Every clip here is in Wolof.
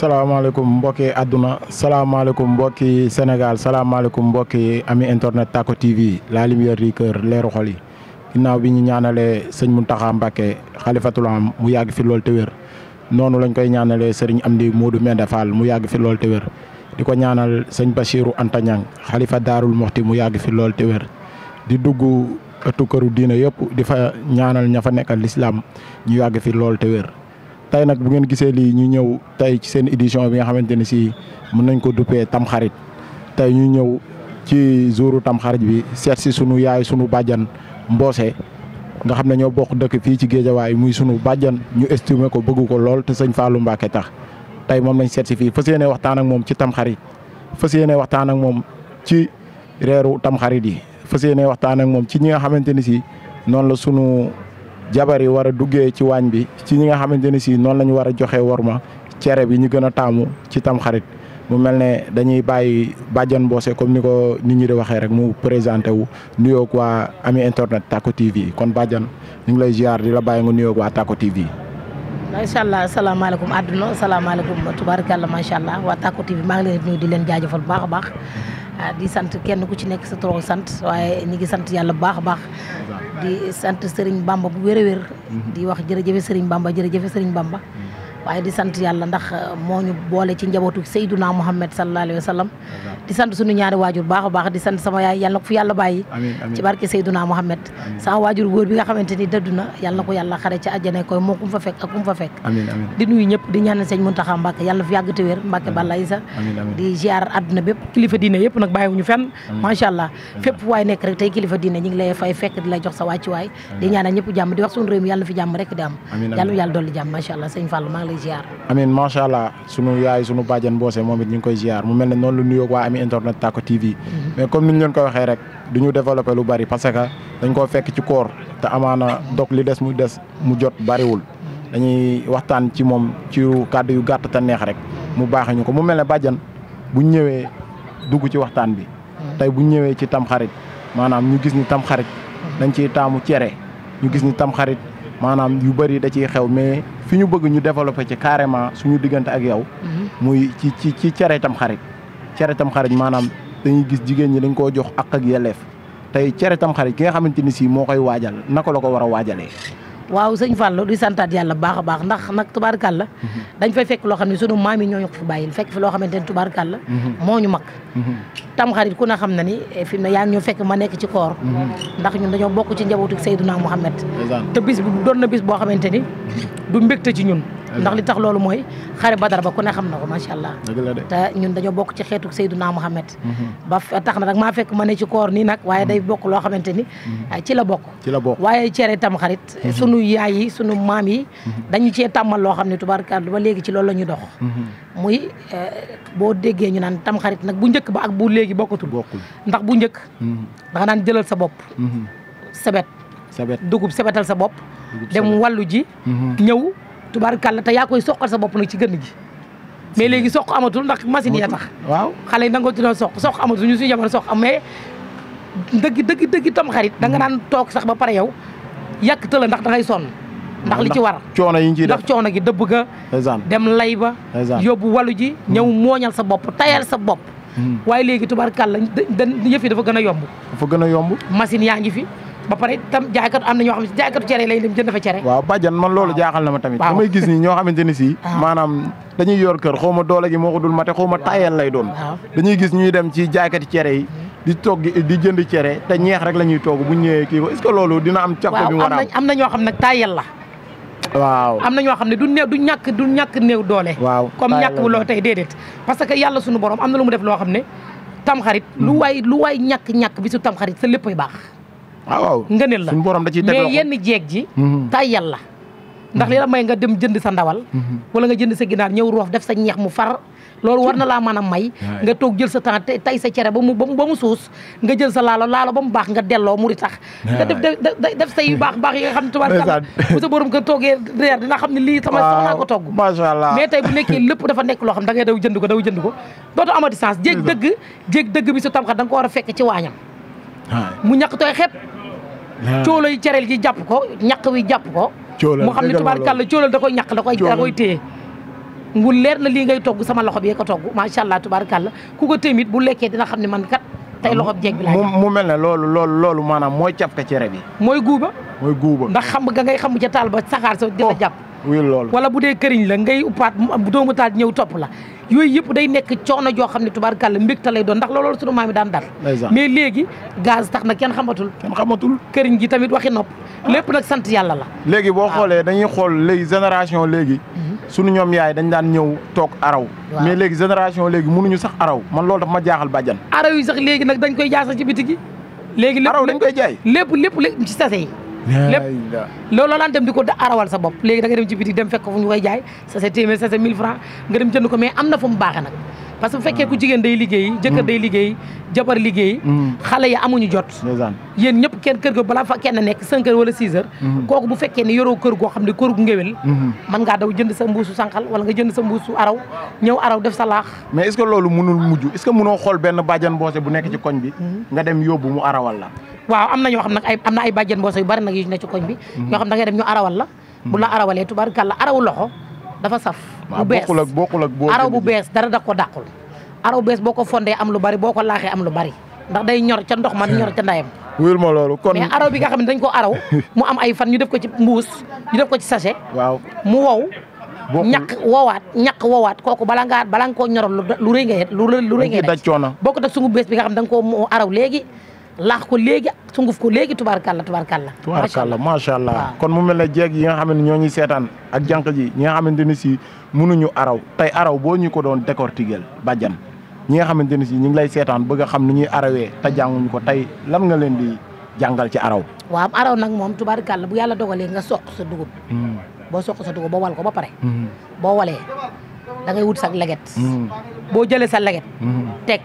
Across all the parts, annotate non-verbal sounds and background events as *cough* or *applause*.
salaamaaleykum mbokki àdduna salaamaaleykum mbokki Sénégal salaamaaleykum mbokki ami internet Tacko TV la lumière du cœur leeru xol yi ginnaaw bi ñu ñaanalee sëñ mu Mbacké xalifatul am mu yàgg fi loolu te noonu lañ koy ñaanalee sëriñ Amdi Modou Mende Fall mu yàgg fi loolu te di ko ñaanal sëñ Bachirou Anta Niang xalifa Daarul Moxti mu yàgg fi lool te di dugg ëttu këru diina yëpp di fa ñaanal ña fa nekkal lislaam ñu yàgg fi loolu te tey nag bu ngeen gisee lii ñu ñëw tey ci seen édition bi nga xamante ne si mën nañ ko duppee tamxarit tey ñu ñëw ci jouru tamxarit bi seet si sunu yaay sunu bàjjan mboose nga xam ne ñoo bokk dëkk fii ci géejawaay muy sunu bàjjan ñu estimé ko bëggu ko lool te sëñ Fallou Mbacké tax tey moom nañ seet fii fas yéene waxtaan ak moom ci tamxarit fas yéene waxtaan ak moom ci reeru tamxarit yi fas yéene waxtaan ak moom ci ñi nga xamante ni si noonu la sunu jabar yi war a duggee ci waañ bi ci ñi nga xamante ne si noonu lañu ñu war a joxe worma cere bi ñu gën a taamu ci tamxarit mu mel ne dañuy bàyyi bàjjan mboose comme ni ko nit ñi di waxee rek mu présenté wu nuyoog waa ami internet Tacko TV kon bàjjan ñu ngi lay ziar di la bàyyi nga nuyoog waa Tacko TV. macha allah salaamaaleykum àdduna salaamaaleykum tubaarkàlla macha allah waa Tacko TV maa ngi leen di leen jaajëfal baax a baax ah, di sant kenn ku ci nekk sa trop sant waaye ñi ngi sant yàlla bu baax a baax. di sant Serigne Bamba bu wér a wér. Mm-hmm. di wax jërëjëf Serigne Bamba jërëjëf Serigne Bamba. Mm-hmm. waaye di sant yàlla ndax euh, moo ñu boole ci njabootu Seyduna Muhammad sallallahu alayhi wa sallam di sant suñu ñaari waajur baax a baax di sant sama yaay yàlla na fi yàlla bàyyi ci barke Seyduna Muhammad sama waajur góor bi nga xamante ni dëddu na yàlla na ko yàlla xare ci àjjana koy moo fa fekk fa fekk di nuyu ñëpp di ñaanal sëñ Muntaxa Mbàkke yàlla na fi yàgg te wér Mbàkke Balla Isa di ziar àdduna bépp kilifa diine yëpp nag bàyyiwuñu fenn macha allah fépp waay nekk rek tey kilifa diine ñi fay fekk di lay jox sa wàccuwaay di ñaanal ñëpp jàmm di wax suñu réew mi yàlla na fi jàmm rek di am yàlla yàlla dolli la ziar. amiin macha allah sunu yaay sunu bàjjen Mboose moom it ñu ngi koy ziar mu mel ne noonu lu nuyoo waa ami internet Tacko TV. Mhm. mais comme ni ñu waxee rek du ñu développé lu bari parce que dañ koo fekk ci koor te amaana dog li des mu des mu jot bariwul. dañuy waxtaan ci moom ci kàddu yu gàtt te neex rek mu baaxee ñu ko mu mel ne bàjjan bu ñëwee dugg ci waxtaan bi. Mhm. tey bu ñëwee ci tamxarit maanaam ñu gis ni tamxarit. dañ ciy taamu cere ñu gis ni tamxarit. maanaam yu bëri da ciy xew mais fi ñu bëgg ñu développé ci carrément suñu diggante ak yow. Mhm. muy ci ci ci cere tam cere tam maanaam dañuy gis jigéen ñi dañ koo jox ak ak yelleef tey cere tam xarit ki nga xamante ni si moo koy waajal naka la ko war a waajalee. waaw sëñ Fallou di santaat yàlla baax a baax ndax nag tubaarkàlla dañ fay fekk loo xam ne sunu maam yi ñoo ñu ko fi bàyyil fekk fi loo xamante ne tubaarkàlla moo ñu mag tam xarit ku ne xam na ni eh, fi mu ne yaa ngi fekk ma nekk ci koor ndax ñun dañoo bokk ci njabootu Seydina Mouhamed te bis bi doon na bis boo xamante ni du mbégte ci ñun ndax li tax loolu mooy xare badar ba ku ne xam na ko macha allah te ñun dañoo bokk ci xeetu Seyduna Muhammad mhm. ba tax na nag maa fekk ma ne ci koor nii nag waaye day mhm. bokk loo xamante ni mhm. ci la bokk ci la bokk waaye cere tam xarit sunu yi sunu maam yi dañu cee tàmmal loo xam ne tubaarkalla ba léegi ci loolu la ñu dox muy eh, boo déggee ñu naan tam xarit nag bu njëkk ba ak bu léegi bokkatul ndax bu njëkk danga naan jëlal sa bopp sebet dugub sebetal sa bopp dem wàllu ji ñëw tubaar tubaarkàlla te yaa koy soqal sa bopp nag ci gën gi mais léegi soq amatul ndax machine ya tax waaw xale yi nangoo tuddee soq soq amatul ñu suñu jamono soq am mais dëgg dëgg dëgg tam xarit da nga hmm. naan toog sax ba pare yow yàq tëla ndax da ngay sonn ndax li ci war coono yi ñu ciy def ndax coono gi dëbb ga dem lay ba yóbbu walu ji hmm. ñëw mooñal sa bopp tayal sa bopp hmm. waaye léegi tubaarkàlla yëf yi dafa gën a yomb dafa gën a yomb machine yaa ngi fi ba pare tam jaaykatu am na ñoo xam ne jaaykatu cere lay dem jënd fa cere waaw bàjjan man loolu jaaxal na ma tamit damay gis ni ñoo xamante ni si ah. maanaam dañuy yor kër xaw ma doole gi moo ko dul mate xaw ma tayal lay doon dañuy gis ñuy dem ci jaaykati cere di togg di jënd cere te ñeex rek la ñuy togg bu ñëwee kii ko dina am càkk bi mu war am na ñoo xam nag tayal la waaw am na ñoo xam ne du néew du ñàkk du ñàkk néew doole waaw comme ñàkk bu loo tey déedéet parce que yàlla suñu borom am na lu mu def loo xam ne tamxarit lu hmm. waay lu waay ñàkk-ñàkk bi su tamxarit sa léppay baax Ah, waaw ngëneel la suñu borom da ciy teg mais yenn jeeg ji mhm. tàyyal la ndax li la may nga dem jënd sa ndawal mhm. wala nga jënd sa ginaar ñëw roof def sa ñeex mu far loolu war na laa man a may nga toog jël sa temps tay sa cere ba mu ba mu suus nga jël sa laalo laalo ba mu baax nga delloo muri tax nga def def say yu baax baax yi nga xam ne tubaab bu sa borom nga toogee reer dina xam ne lii sama soxlaa ko togg macha allah mais tay bu nekkee lépp dafa nekk loo xam da ngay daw jënd ko daw jënd ko dootoo amati sens jéeg dëgg jéeg dëgg bi su tamxat da nga ko war a fekk ci waañam Ah. coolo yi cereel gi jàpp ko ñaq wi jàpp ko mu xam ne tubaarkàlla coolal da koy ñàkk la koy da koy téye mu leer na lii ngay togg sama loxo bi ko togg macha allah tubaarkàlla ku ko tamit bu lekkee dina xam ne man kat tey loxo jeeg bi laa mu mel ne loolu loolu loolu maanaam mooy cafka cere bi mooy guuba mooy guuba ndax xam nga ngay xam ca taal ba saxaar sa dina oh, jàpp wala bu dee këriñ la ngay uppaat doomu taal ñëw topp la yooyu yëpp day nekk coono joo xam ne tubaarkàlla mbégte lay doon ndax lool sunu maam yi daan dal mais léegi gaz tax na kenn xamatul kenn xamatul këriñ gi tamit waxi nopp lépp nag sant yàlla la léegi boo ah. xoolee dañuy xool léegi génération léegi mhm. sunu ñoom yaay dañ daan ñëw toog araw mais léegi génération léegi mënuñu sax araw man loolu daf ma jaaxal bàjjan araw yi sax léegi nag dañ koy jaasal ci biti gi léegi araw dañ koy jaay lépp lépp lépp ci sase yi lépp looloo daan dem di ko arawal sa bopp léegi da nga dem ci biti dem fekk fu ñu koy jaay sa sa téeméer sa sa mille francs nga dem jënd ko mais am na fu mu baaxee nag parce que bu fekkee ku jigéen day liggéey jëkkër day liggéey jabar liggéey mm. xale yi amuñu jot yéen ñëpp kenn kër ga balaa fa kenn nekk cinq heures wala six heures mm-hmm. kooku bu fekkee ne yoroo kër goo xam ne kër gu ngéwél man mm-hmm. ngaa daw jënd sa mbuusu sànqal wala nga jënd sa mbuusu araw ñëw araw def sa laax mais est loolu mënul mujj est munoo xool benn bàjjan mboose bu nekk ci koñ bi mm-hmm. nga dem yóbbu mu arawal la waaw am na ñoo xam ne ay am na ay bàjjan mboose yu bari nag yu ne ci koñ bi ñoo xam da ngay dem ñu arawal la bu la arawalee loxo dafa saf bu bees bokkul ak bokkul ak boo araw bu bees dara da ko dàqul araw bees boo ko fondee am lu bari boo ko laaxee am lu bari ndax day ñor ca ndox man ñor ca ndayam wuyul ma loolu kon mais araw bi nga xam ne dañ ko araw *laughs* mu am ay fan ñu def ko ci mbuus ñu def ko ci sachet waaw mu wow ñaq woowaat ñaq woowaat kooku bala ngaa bala nga koo ñoral lu rëy nga lu rëy nga daj coono bokk ak sungu bees bi nga xam ne da nga koo araw léegi laax ko léegi sunguf ko léegi tubaar tubaarkàlla tubaarkàlla. tubaarkàlla macha allah kon mu mel ne jeeg yi nga xam ne ñoo ñuy seetaan ak jànq ji ñi nga xamante ne si munuñu araw tey araw boo ñu ko doon décortiquer bàjjan ñi nga xamante ne si ñu ngi lay seetaan bëgg a xam ni ñuy arawee te jànguñu ko tey lan nga leen di jàngal ci araw. waaw araw nag moom tubaarkàlla bu yàlla dogalee nga soq sa dugub. Hmm. boo soq sa dugub boo wal ko ba pare. Hmm. boo walee da ngay wut sa leget. Hmm. boo jëlee sa leget. teg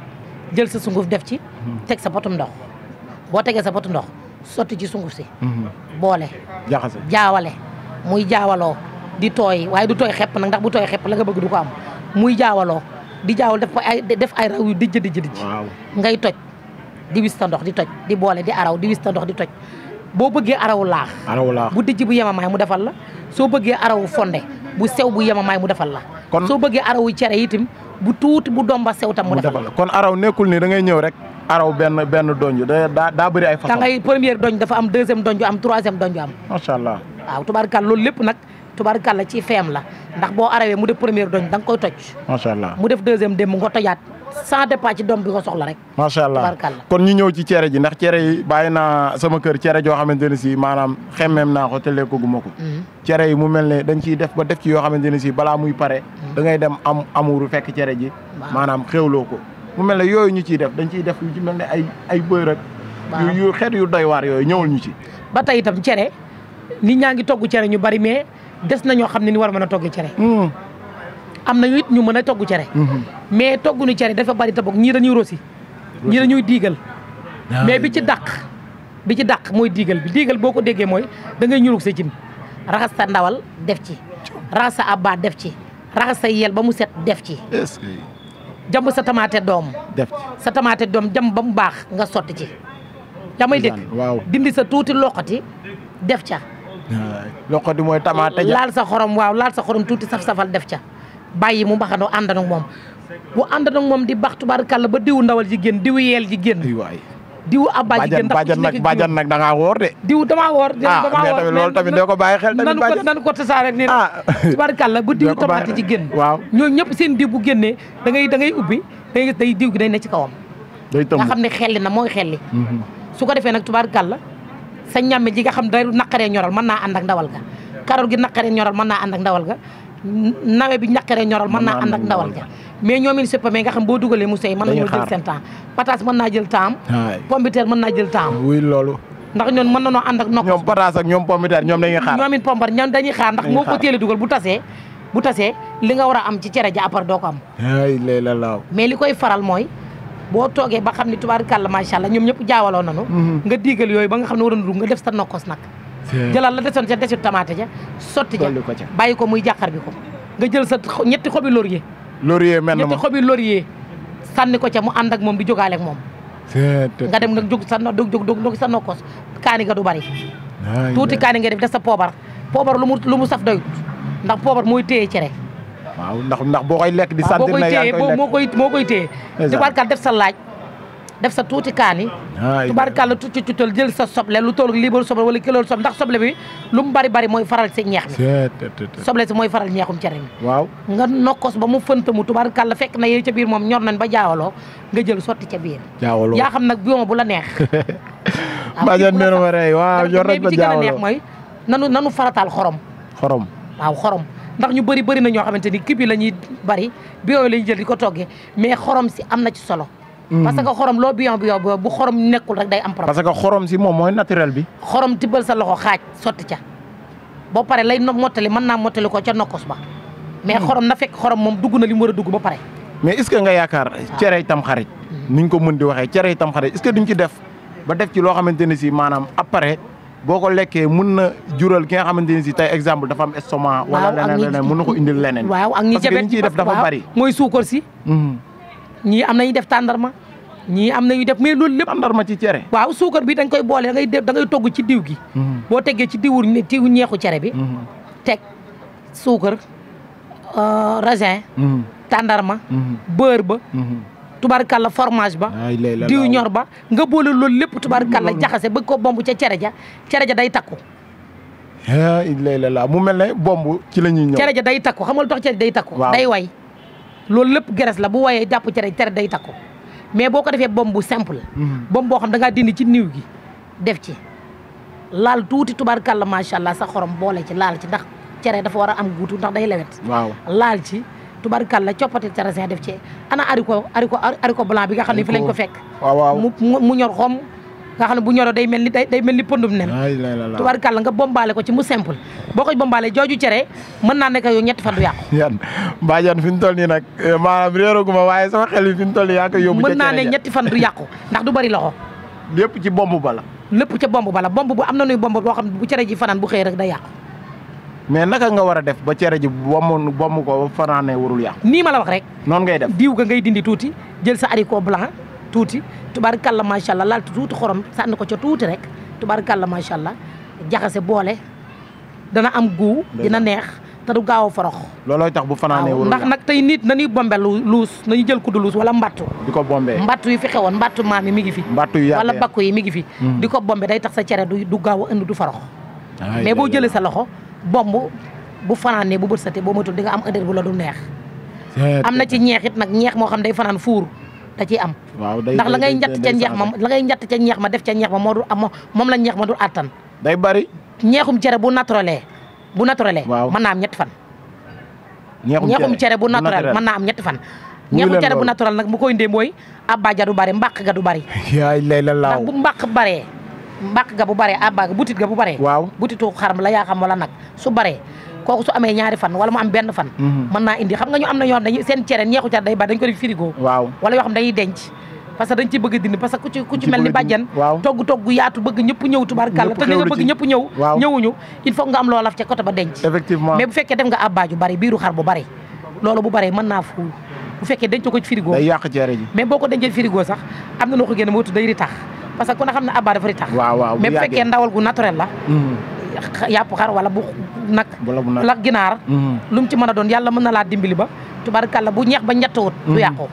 jël sa sunguf def ci. teg sa potum ndox boo tegee sa botu ndox sotti ci sunguf si. Mm-hmm. boole. jaxase jaawale muy jaawaloo di tooy waaye di tooy xepp nag ndax bu tooy xepp la nga bëgg du ko am muy jaawaloo di jaawal def ay def ay raw yu dijj dijj ngay toj di wis ndox di toj di boole di araw di wis ta ndox di toj boo bëggee araw laax araw laax bu dijj bu yemamaay mu defal la soo bëggee arawu fonde bu sew bu yemamaay mu defal la kon soo bëggee arawu cere itam bu tuuti bu doom ba sew tam mu defal la kon araw nekkul ni da ngay ñëw rek araw benn benn donj daa daa ay façon. da ngay première donj dafa am deuxième donj am troisième donj am. macha allah waaw tubaarkàlla loolu lépp nag tubaarkàlla la ndax boo arawee mu def première donj da nga koy toj. macha allah mu def deuxième dem mu nga tojaat sans départ ci doom bi ko soxla rek. macha allah kon ñu ñëw ci cere ji ndax cere yi bàyyi naa sama kër cere joo xamante ne si maanaam xemmeem naa ko te lekkaguma ko. Mhm. cere yi mu mel ne dañ ciy def ba def ci yoo xamante ne si balaa muy pare. Mhm. da ngay dem am amuru fekk cere ji. maanaam xéwloo ko. mu mel ne yooyu ñu ciy def dañ ciy def yu ci mel ne ay ay bëy rek. yu xeet yu doy waar yooyu ñëwul ñu ci. ba tey itam cere nit ñaa ngi togg cere ñu bari mais des na ñoo xam ne ni war mën a togg cere. Hmm. am na it ñu mën a togg cere. Hmm. mais togguñu cere dafa bari te boog ñii dañuy rosi. ñii dañuy diigal. Ah, mais bi ci daq bi ci daq mooy diigal bi diigal boo ko déggee mooy da ngay ñurug sa cin. raxas sa ndawal def ci. raxas sa abba def ci. raxas sa yel ba mu set def ci. jamb sa tamaate doom. def sa tamaate doom jamb ba mu baax nga sotti ci. yaa may dégg dindi sa tuuti loqati def ca. *laughs* loqati mooy tamaate ja laal sa xorom waaw laal sa xorom tuuti saf-safal def ca bàyyi mu mbaxano àndandoo moom. bu àndandoo moom di baax tubaarkàlla ba diwu ndawal ji génn diwu yeel ji génn. diw a bàjj gën ndax ku nag nag da ngaa woor de. diw damaa woor ah, damaa woor mais loolu tamit doo ko bàyyi xel tamit bàjjan nanu ko tasaare nii ah tubarkàlla bu diw tomate ci génn waaw ñoo ñëpp seen diw bu génnee da ngay da ngay ubbi da ngay day diw gi day ne ci kawam day tëmb nga xam ne xelli na mooy xelli mm-hmm. su ko defee nag tubarkàlla sa ñàmme ji nga xam day naqaree ñoral mën naa ànd ak ndawal ga karoot gi naqaree ñoral mën naa ànd ak ndawal ga nawe bi ñàkkaree ñoral mën naa ànd ak ndawal ja mais ñoom in nga xam boo dugalee mu sey mën nañoo jël seen temps pataas mën naa jël temps pombiteer mën naa jël temps loolu ndax ñoon mën nanoo ànd ak nokk ñoom pataas ñoom pombiteer ñoom dañuy xaar ñoom it pombar ñoom dañuy xaar ndax moo ko dugal bu tasee bu tasee li nga war a am ci cere ja apar doo ko am ay lay la laaw mais li koy faral mooy boo toogee ba xam ne tubaarkàlla macha allah ñoom ñëpp jaawaloo nanu mm-hmm. nga diigal yooyu ba nga xam ne waroon dugg nga def sa nokkos nag jëlal la desoon ca desit tamaate ja sotti ja bàyyi ko muy jàqar bi ko nga jël sa ñetti xobi laurier laurier mel na ñetti xobi laurier sànni ko ca mu ànd ak moom di jógaale ak moom nga dem nag jóg sa no dog jóg dog dog sa nokkoos kaani nga du bari tuuti kaani nga def def sa poobar poobar lu mu lu mu saf doyut ndax poobar mooy téye cere waaw ndax ndax boo koy lekk di sentir na yaa ngi koy lekk moo koy moo koy téye di def sa laaj def sa tuuti kaani tubaarkàlla tuuti tuutal jël sa soble lu toll liibaru soble wala kiloolu soble ndax soble bi lu mu bari bari mooy faral si ñeex bi soble si mooy faral ñeexum cere mi waaw nga nokkos ba mu fënt mu tubaarkàlla fekk na yooyu ca biir moom ñor nañ ba jaawaloo nga jël sotti ca biir jaawaloo yaa xam nag bion bu la neex *laughs* mbajan meno ma rey waaw ñor mooy nanu nanu farataal xorom xorom waaw xorom ndax ñu bëri bëri na ñoo xamante ni kii bi la ñuy bëri bi yooyu jël di ko toggee mais xorom si am na ci solo Mm. parce que xorom loo biyon biyon biyon bu xorom nekkul rek day am problème. parce xorom si moom mooy naturel bi. xorom tibbal sa loxo xaaj sotti ca boo pare lay no mottali mën naa mottali ko ca nokkos ba. mais mm. xorom na fekk xorom moom dugg na li mu war a dugg ba pare. mais est-ce que nga yaakaar cere itam xarit. Mm. ni ñu ko mën di waxee cere itam xarit est-ce que ci def ba def ci loo xamante ne si maanaam après boo ko lekkee mën na jural ki nga xamante ne si tey exemple dafa am estomac. wala leneen na ko indil leneen. waaw ak ñi jabet parce que mooy suukar si. Mm-hmm. ñii am na ñuy def tàndarma ñii am na ñuy def mais loolu lépp. tàndarma ci cere. waaw suukar bi dañ koy boole da ngay da togg ci diw gi. Mm-hmm. boo tegee ci diwur diw ñeexu cere bi. Mm-hmm. teg suukar euh, raisin. Mm-hmm. tàndarma. beurre ba. tubarkalla fromage ba. diw ñor ba nga boole loolu lépp kalla jaxase bëgg ko bomb ca cere ja cere ja day takku. ah il la mu mel ne bomb ci la ñuy ñëw. cere ja day takku xam nga lu tax cere day takku. day way. loolu lépp geres la bu wayee jàpp cere cere day takku mais boo ko defee bomb bu simple. Mhm. bomb boo xam da ngaa dindi ci niiw gi def ci. laal tuuti tubaarkàlla macha allah sax xorom boole ci laal ci ndax cere dafa war a am guutu ndax day lewet. waaw laal ci tubaarkàlla coppati cere seen def ci ana haricot haricot haricot blanc bi nga xam ne fi lañ ko fekk. mu mu ñor xom. nga bu ñoro day mel ni day mel ni pëndum nen tubaarkàlla nga bombaale ko ci mu simple boo koy bombaale jooju cere mën naa nekk ñetti fan du yàqu *laughs* yan mbaajan fi mu toll nii nag eh, maanaam réerogu ma waaye sama mu toll nii yaa ko yóbbu mën naa ne ñetti fan du yàqu *laughs* ndax du bari loxo lépp ci bomb bala lépp ca bomb bala bomb bu am na nuy bomb boo xam ne bu cere ji fanaan bu xëy rek day yàqu mais naka nga war a def ba cere ji bomb bomb ko fanaanee warul yàqu nii ma la wax rek noonu ngay def diw ga ngay dindi tuuti jël sa haricot blanc tuuti tubaarkalla macha allah laal tuuti xorom sànni ko ca tuuti rek tubaarkalla macha allah jaxase boole dana am guu dina neex ta du gaaw a forox. loolooy tax bu fanaanee warul ndax nag tey nit nañuy bombe luus nañu jël kuddu luus wala mbattu. ko bombee mbattu yi fi xewoon mbattu maam yi mi ngi fi. mbattu yu wala bakku yi mi ngi fi. Hmm. di ko bombe day tax sa cere du du gaaw a du forox. mais boo jëlee sa loxo bomb bu fanaanee bu bët satee boo moytuwul di nga am ëndër bu la du neex. am na ci ñeexit nag ñeex moo xam day fanaan fuur da ciy am ndax la ngay njatt ca ñeex ma la ngay njatt ca ñeex ma def ca ñeex ma moo dul am moom la ñeex ma dul attan day bari ñeexum cere bu naturel bu naturel mën na am ñetti fan ñeexum cere bu naturel mën naa am ñetti fan ñeexum cere bu naturel nag mu koy ndee mooy abba ja du bari mbaq ga du bari *laughs* yaay lay la laaw mbaq bu mbàq baree mbàq ga bu baree abba ga butit ga bu bare waaw butitu xaram la yaa xam nag su baree kooku su amee ñaari fan wala mu am benn fan mhm. mën naa indi xam nga ñu am na ñoo xam dañu seen cere ñeexu car day ba dañ ko frigo waaw yoo xam dañuy denc parce que bëgg ñëpp ñëw ñëwuñu il faut nga am loo laf ca côté ba denc effectivement mais bu fekkee def nga abbaaju bari biiru xar bu bari loolu bu bari mën naa fuul bu fekkee denc ko frigo day boo ko dencee frigo sax am na noo ko génn mootu day ritax parce que ne xam ne abba dafa ritax mais bu fekkee ndawal yàpp xar wala bu nag la ginaar mm-hmm. lu mu ci mën a doon la mën na laa dimbali ba tubarkalla bu ñeex ba ñettawut du mm-hmm. yàqu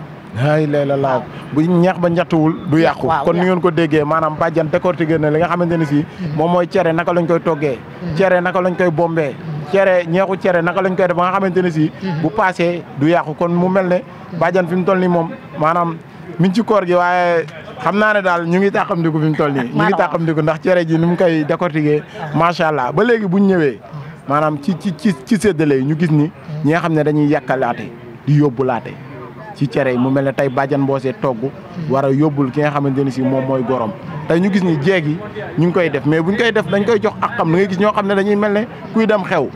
ay léeg-léeg laaw bu ñeex ba njattuwul du yàqu kon ni ngeen ko déggee maanaam bàjjan décortiqué na li nga xamante ne si mm-hmm. moom mooy cere naka lañ koy toggee cere naka lañ koy bombee cere ñeexu cere naka lañ koy def ba nga xamante ne si bu paasee du yàqu kon mu mel ne bàjjan fi mu tol ni moom maanaam min ci koor gi waaye xam naa ne daal ñu ngi tàqamdiku fi mu toll nii ñu ngi tàqamdiku ndax cere ji ni mu koy décortiquer macha allah ba léegi buñ ñëwee maanaam ci ci ci ci séddale yi ñu gis ni ñi nga xam ne dañuy yàkkalaate di yóbbulaate ci cere yi mu mel ne tey bàjjan mboosee togg war a yóbbul ki nga xamante ni si moom mooy gorom tey ñu gis ni jeeg yi ñu ngi koy def mais bu ñu koy def dañ koy jox ak xam da ngay gis ñoo xam ne dañuy mel ne kuy dem xew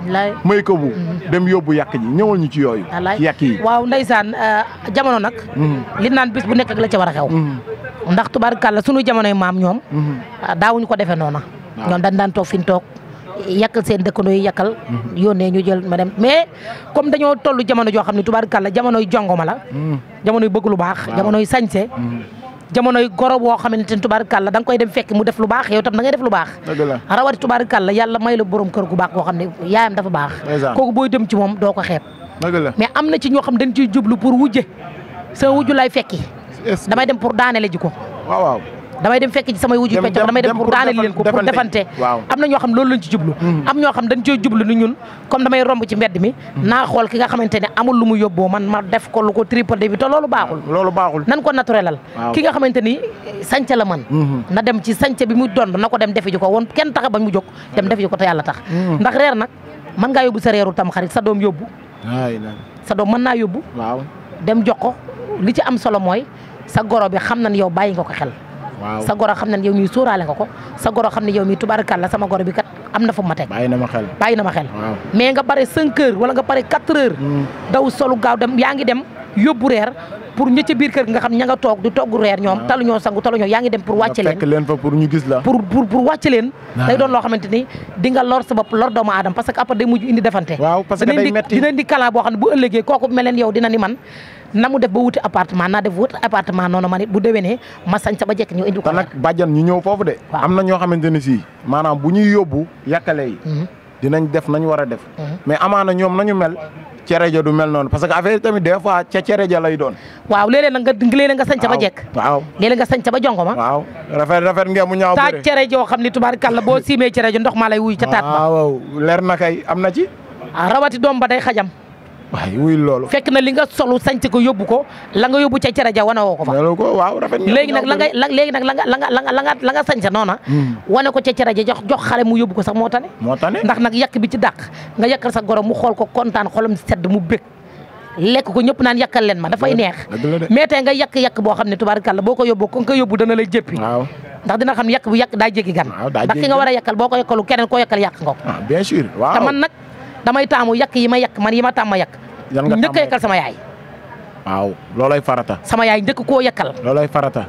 may ko bu mm-hmm. dem yóbbu yàq ji ñëwal ñu ci yooyu ci yàq yi waaw ndeysaan euh, jamono nag mm-hmm. li naan bis bu nekk ak war a xew mm-hmm. ndax tubaarkàlla sunu jamonoy maam ñoom. Mhm. Ah, daawuñu ko defee noona ñoom dañ daan toog fi ñu toog yàkkal seen dëkkandoo yakkal yoon mhm. yónnee ñu jël ma dem mais comme dañoo toll jamono joo xam ne tubaarkàlla jamonoy jongoma la. Mhm. jamonoy bëgg lu baax. jamonoy sañse. jamonoy goro boo xamante ni tubaarkàlla da nga koy dem fekk mu def lu baax yow tam da ngay def lu baax. dëgg la rawati tubaarkàlla yàlla may la borom kër gu baax boo xam ne yaayam dafa baax. kooku booy dem ci moom doo ko xeeb. dëgg la mais am na ci ñoo xam dañ ciy jublu pour wujje sa wujju lay fekki damay dem pour daanele ji ko waaw waaw damay dem fekk ci samay wuju pecc damay dem pour daanele leen ko pour defante am na ñoo xam loolu lañ ci jublu mhm. am ñoo xam dañ cee jublu ni ñun mhm. ne amul lu mu yóbboo man ma def ko lu ko triple de bi te loolu baaxul loolu baaxul nan ko naturelal ki nga xamante ni sanc la man mhm. na dem ci sanc bi mu dond na ko dem defi ko woon kenn taxa bañ mu jóg dem defi ji ko te yàlla tax ndax reer nag mën ngaa yóbbu sa reeru tam xarit sa doom yóbbu sa doom mën naa yóbbu dem jox ko li ci am solo mooy sa goro bi xam nañ yow bàyyi nga ko xel sa goro xam nañ yow mii sóoraale nga ko sa goro xam ne yow mii tubaarkàlla sama goro bi kat am na fu ma teg bàyyi na ma xel bàyyi na ma xel mais nga pare cinq heures wala nga pare quatre heures hmm. daw solu gaaw dem yaa ngi dem yóbbu reer pour ñi kër nga xam ña toog di togg reer ñoom talu ñoo sangu talu ñoo yaa ngi dem pour wàcce leen pour ñu leen day doon loo xamante ni di nga lor sa bopp lor doomu parce na mu def ba wuti appartement naa def wut appartement noonu ma ne bu déwénee ma sañ sa ba jekk ñu indi ko. te nag bàjjan ñu ñëw foofu de. am na ñoo xamante ne si maanaam bu ñuy yóbbu yàkkale yi. Mhm. dinañ def nañ war a def. Mhm. mais amaana ñoom nañu mel. cere ja du mel noonu parce que affaire tamit des fois ca cere ja lay doon. waaw léeg-léeg nga léeg sañ ca ba jekk. waaw léeg nga sañ ca ba jongo ma. waaw rafet rafet ngeen ñaaw bëre. xam ni tubaarkàlla boo *laughs* siimee cere jo ndox maa lay wuy ca taat ba. leer na kay am na ci. ah rawati doom ba day xajam. waaye wuy loolu fekk na li nga solu sañc ko yóbbu ko la nga yóbbu ca cere ja wane woo ko fa waaw rafet léegi nag la nga léegi nag la noona wane ko ca cere ja jox jox xale mu yóbbu ko sax moo tane moo tane ndax nag yàq bi ci dàq nga yàqal sa goro mu xool ko kontaan xolam sedd mu bég lekk ko ñëpp naan yàkkal leen ma dafay neex mais tey nga yàq boo xam ne tubaarkàlla boo ko yóbbu ko nga yóbbu dana lay jéppi ndax dina xam yàq bu yàq daa jéggi gan ndax ki nga war a yàkkal boo ko yàkkalu keneen koo yàkkal yàq ko ah, bien sûr damay taamu yakk yi ma yàq man yi ma tàmm ma yàq. yan nga njëkk a yàqal sama yaay. waaw loolay farata. sama yaay njëkk koo yàqal. loolay farata.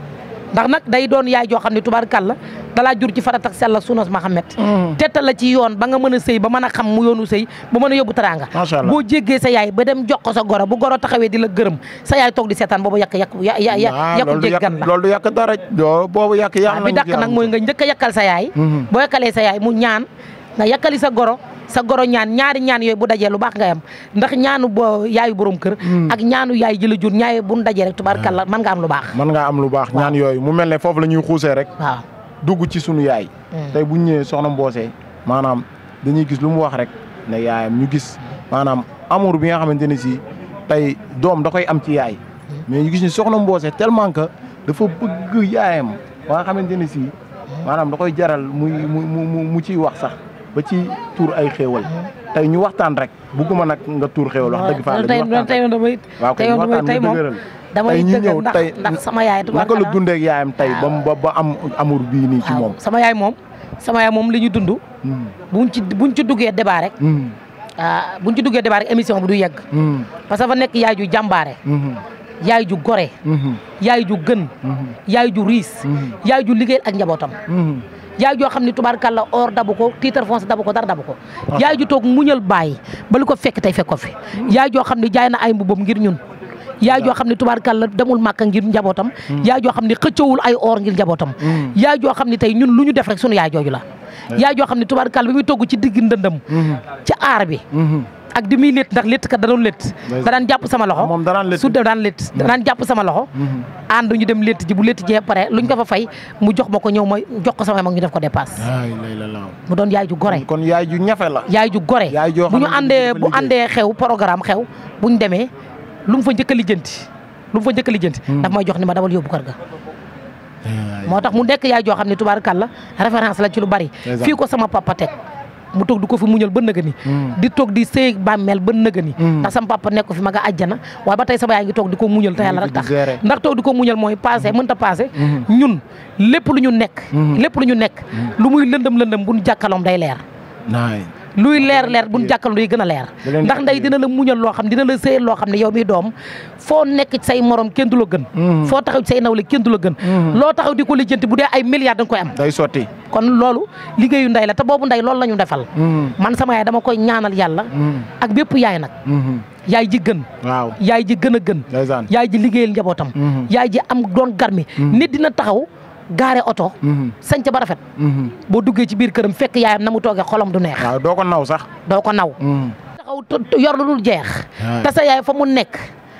ndax day doon yaay joo xam ne tubaarkàlla dalaa jur ci farata ak sella sunas Mahamed. Mm. tettal la ci yoon ba nga mën a sëy ba mën a xam mu yoonu sëy ba a yóbbu teraanga. macha boo jéggee sa yaay ba dem jox ko sa goro bu goro taxawee di la gërëm sa yaay toog di seetaan boobu yàq yàq ya ya yàqu jéggan la loolu yàq dara boobu yàq yàq bi dàq nag mooy nga njëkk a sa yaay mm-hmm. boo yàqalee sa yaay mu ñaan nga yàqali sa goro sa goro ñaan ñaari ñaan yooyu bu dajee lu baax ngay am ndax ñaanu bo yaayu borom kër hmm. ak ñaanu yaay jëla jur ñaay bu ñu dajee rek tubaarkalla ah. mën nga am lu baax man nga am lu baax ñaan yooyu mu mel ne foofu la ñuy xuusee rek waaw dugg ci sunu yaay hmm. tey bu ñu ñëwee soxna mboosee maanaam dañuy gis lu mu wax rek ne yaayam ñu gis maanaam amour bi nga xamante ne si tey doom da koy am ci yaay hmm. mais ñu gis ni soxna mboose tellement que dafa bëgg yaayam ba nga xamante ne si maanaam da koy jaral muy mu mu mu ciy wax sax ba ci tuur ay xéewal tey ñu waxtaan rek bugguma nag nga tuur xéewal wax dëgg fa waaw kay waxtaan mu dëgëral tey ñu ñëw tey ndax sama yaay naka la dundeek yaayam ba ba bii nii ci moom sama yaay moom sama yaay moom li ñu dund hmm. bu ci buñ ci duggee débat rek hmm. ah buñ ci duggee débat rek émission bi du yegg hmm. parce que fa nekk yaay ju jàmbaare yaay ju gore yaay ju gën yaay ju riis yaay ju liggéeyal ak njabootam yaay joo xam ne tubaarkàlla or dabu ko titre foncé dabu ko dara dabu ko yaay ju toog muñal ba li ko fekk tey fekk ko fi hmm. joo xam ne jaay na ay mbubbam ngir ñun hmm. yaay joo xam ne la demul màkka ngir njabootam hmm. yaay joo xam ne xëccawul ay or ngir njabootam yaay joo xam ne tey ñun lu ñu def rek sunu yaay jooju la yaay joo xam ne tubaarkàlla bi muy togg ci digg ndëndam ci aar bi ak di muy létt ndax létt kat da doon létt da jàpp sama loxo moom su da daan létt da mm-hmm. jàpp sama loxo mm-hmm. ànd ñu dem létt ji bu létt jee pare luñ ko fa fay mu jox ma ko ñëw ma jox ko sama mag ñu def ko dépasse mu doon yaay ju gore kon yaay ju ñafe la yaay ju gore bu ñu bu àndee xew programme xew buñ demee lu mu fa njëkk a lu fa njëkk a lijjanti mm. daf jox ni ma dawal yóbbu kër ga moo tax mu nekk yaay joo xam ne tubaarkàlla référence la ci lu bari fii ko sama papa mu toog du ko fi muñal ba nëga mm. di toog di sëy bàmmeel ba nëga ni mm. ndax sama papa nekk fi ma a àjjana waaye ba tey sama yaay ngi toog di ko muñal te yàlla rek tax ndax toog di ko muñal mooy passé mënta passé mm-hmm. ñun lépp lu ñu nekk mm-hmm. lépp lu ñu nekk mm-hmm. lu muy lëndëm lëndëm bu ñu jàkkaloom day leer luy leer leer bu jàkkal luy gën leer ndax ndey dina la muñal loo xam dina la sëyal loo xam ne yow mi doom foo nekk ci say morom kenn du gën mm-hmm. foo taxaw ci say nawle kenn du la gën mm-hmm. loo taxaw di ko lijjanti bu dee ay milliards danga koy am day sotti kon loolu liggéeyu ndey la te boobu ndey loolu lañu ñu defal mm-hmm. man sama yaay dama koy ñaanal yàlla ak bépp yaay nag yaay ji gën waaw yaay ji gën a gën yaay ji liggéeyal njabootam yaay ji am doon garmi nit dina taxaw gaare oto. Mhm. sañca ba rafet. Mhm. boo duggee ci biir këram fekk yaayam na mu toogee xolom du neex. doo ko naw sax. doo ko naw. Mhm. taxaw yor lu dul jeex. te sa yaay fa mu nekk.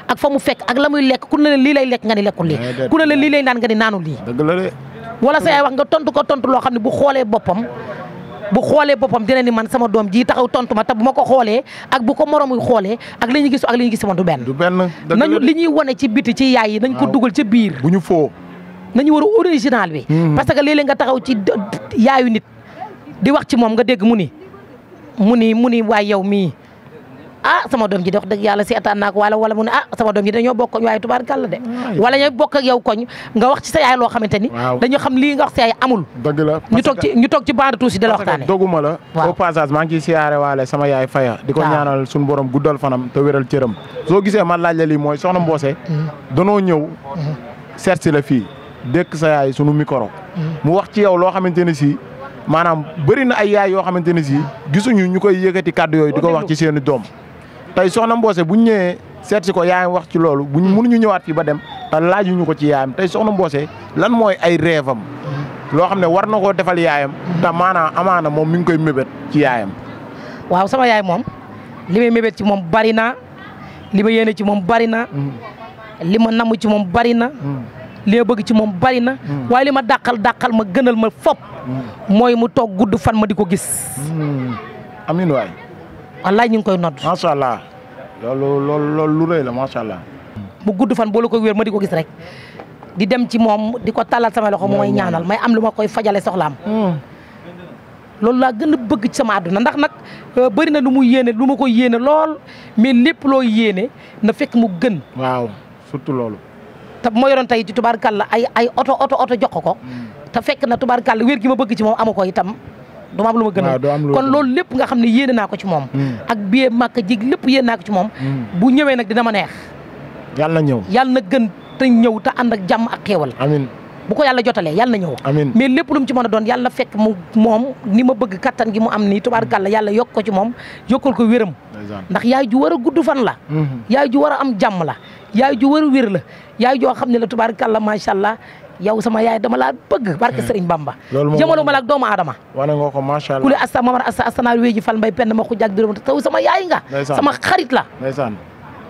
ak fa mu fekk ak la muy lekk ku ne lii lay lekk nga ni lekkul lii ku ne lii lay naan nga ni naanu lii wala sa yaay wax nga tontu ko tontu loo xam ne bu xoolee boppam bu xoolee boppam dina ni man sama doom ji taxaw tontu te bu ma ko xoolee ak bu ko moroom yi xoolee ak li ñu gis ak li ñu gis sama du benn nañu li ñuy wone ci biti ci yaay yi nañ ko dugal ca biir bu ñu nañu war a original bi. Mm-hmm. parce que léeg-léeg nga taxaw ci yaayu nit di wax ci moom nga dégg mu ni mu ni mu ni waay yow mii ah sama doom ji de wax dëgg yàlla seetaan naa ko wala wala mu ne ah sama doom ji dañoo bokk koñ waaye tubaarkàlla de. wala ñooy bokk ak yow koñ nga wax ci sa yaay loo xamante ni. dañu xam lii nga wax sa yaay amul. la ñu toog ci ñu toog ci bande tuuti di la waxtaanee. doguma la. waaw au passage maa ngi ciy siyaare waale sama yaay Faya. di ko ñaanal suñu borom guddal fanam soo gisee man laaj la mooy soxna Mbose. Mm-hmm. danoo ñëw mm-hmm. seet si la fii. dékk sa yaay sunu micro. mu wax ci yow loo xamante ne si maanaam bëri na ay yaay yoo xamante ne si gisuñu ñu koy yëkkati kàddu yooyu di ko wax ci seeni doom. tey soxna Mboose bu ñu ñëwee seet ko yaayam wax ci loolu bu ñu mënuñu ñëwaat fii ba dem ta laajuñu ko ci yaayam tey soxna Mboose lan mooy ay rêve loo xam ne war na koo defal yaayam. te maanaam amaana moom mi ngi koy mébét ci yaayam. waaw sama yaay moom li may mébét ci moom bari na li ma ci moom bari na. Mm-hmm. ma namm ci moom bari na. Mm-hmm. li bëgg ci moom bari na hmm. waaye li ma dàqal dàqal ma gënal ma fop hmm. mooy mu toog gudd fan ma di ko gis hmm. amin waay wallaay ñu ngi koy nodd macha allah loolu loolu loolu lu rëy la macha allah mu gudd fan boo la koy wér ma di ko gis rek di dem ci moom di ko tàllal sama loxo mooy ñaanal may am lu ma koy fajale soxlaam loolu laa gën a bëgg ci sama àdduna ndax nag euh, bëri na lu mu yéene lu ma koy yéene lool mais lépp loo yéene na fekk mu gën waaw surtout loolu te bu ma yoroon tey ci tubaarkàlla ay ay oto oto oto jox ko mm. te fekk na tubaarkàlla wér gi ma bëgg ci moom amu ko itam du ma am lu ma gënal kon loolu lépp nga xam ne yéene naa ko ci moom mm. ak biyee màkk jig lépp yéene naa ko ci moom mm. bu ñëwee nag dina ma neex yàlla na ñëw yàlla na gën te ñëw te ànd ak jàmm ak xéewal amiin bu ko yàlla jotalee yàlla na ñëw amiin mais lépp lu ci mën a doon yalla fekk mu moom ni ma bëgg kattan gi mu am nii tubaarkàlla yàlla yokk ko ci moom yokkal ko wéram ndax yaay ju war a gudd fan la mm-hmm. yaay am jàmm la yaay ju wër wér la yaay joo xam ne la kalla macha allah yow sama yaay dama laa bëgg barke hmm. Serigne Bamba jëmalo ma la doomu aadama wana nga ko macha allah kule asta mamar asta astanaar wéeji fal mbay penn ma xu taw sama yaay nga sama xarit la ndeysaan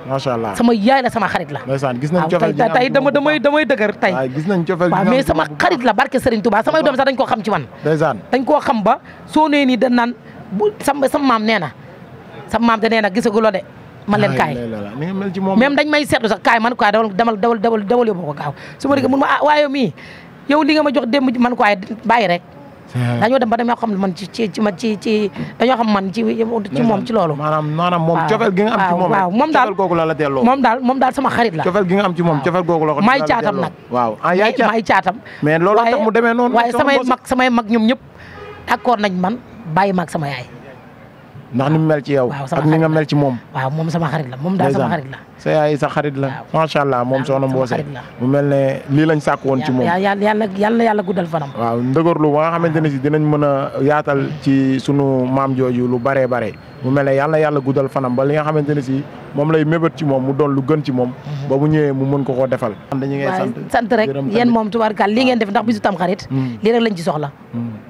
macha allah sama yaay la sama xarit la ndeysaan gis nañ cofeel gi tey dama damay damay dëgër tey gis nañ cofeel gi mais sama xarit la barke Serigne Touba samay doom sax dañ koo xam ci man ndeysaan dañ koo xam ba soo nee nii dañ naan bu sama sama maam nee na sama maam da nee na gisaguloo de man leen kaay même dañ may seetlu sax kaay man quoi dawal dawal dawal dawal dawal yóbbu ko gaaw su ma dikkee mun ma ah waaye mii yow li ma jox démb man quoi bàyyi rek dañoo dem ba dañoo xam man ci ci ci ci dañoo xam man ci ci moom ci loolu. maanaam maanaam moom cofeel nga am ci moom daal cofeel googu la la delloo moom daal moom daal sama xarit la. cofeel gi nga am ci moom cofeel googu la ko maay caatam nag waaw ah yaay caatam maay caatam. mais loolu tax mu demee noonu. waaye samay mag samay mag ñoom ñëpp nañ man bàyyi maag sama yaay ndax ni mu mel ci yow. ak ni nga mel ci moom. waaw moom sama xarit la moom daal sama xarit la. sa xarit la. macha allah moom soxna Mboose. mu mel ne lii lañ sàkk woon ci moom. yàlla yàlla yàlla guddal fanam. waaw ndëgërlu ba nga xamante ne si dinañ mën a yaatal ci sunu maam jooju lu baree bare mu mel ne yàlla yàlla guddal fanam ba li nga xamante ne si moom lay mébét ci moom mu doon lu gën ci moom. Mhm. ba mu ñëwee mu mën ko koo defal. sant dañu ngay sant rek yéen moom tubaarkàlla lii ngeen def ndax bisu tam xarit mhm. lii rek lañ ci soxla mhm.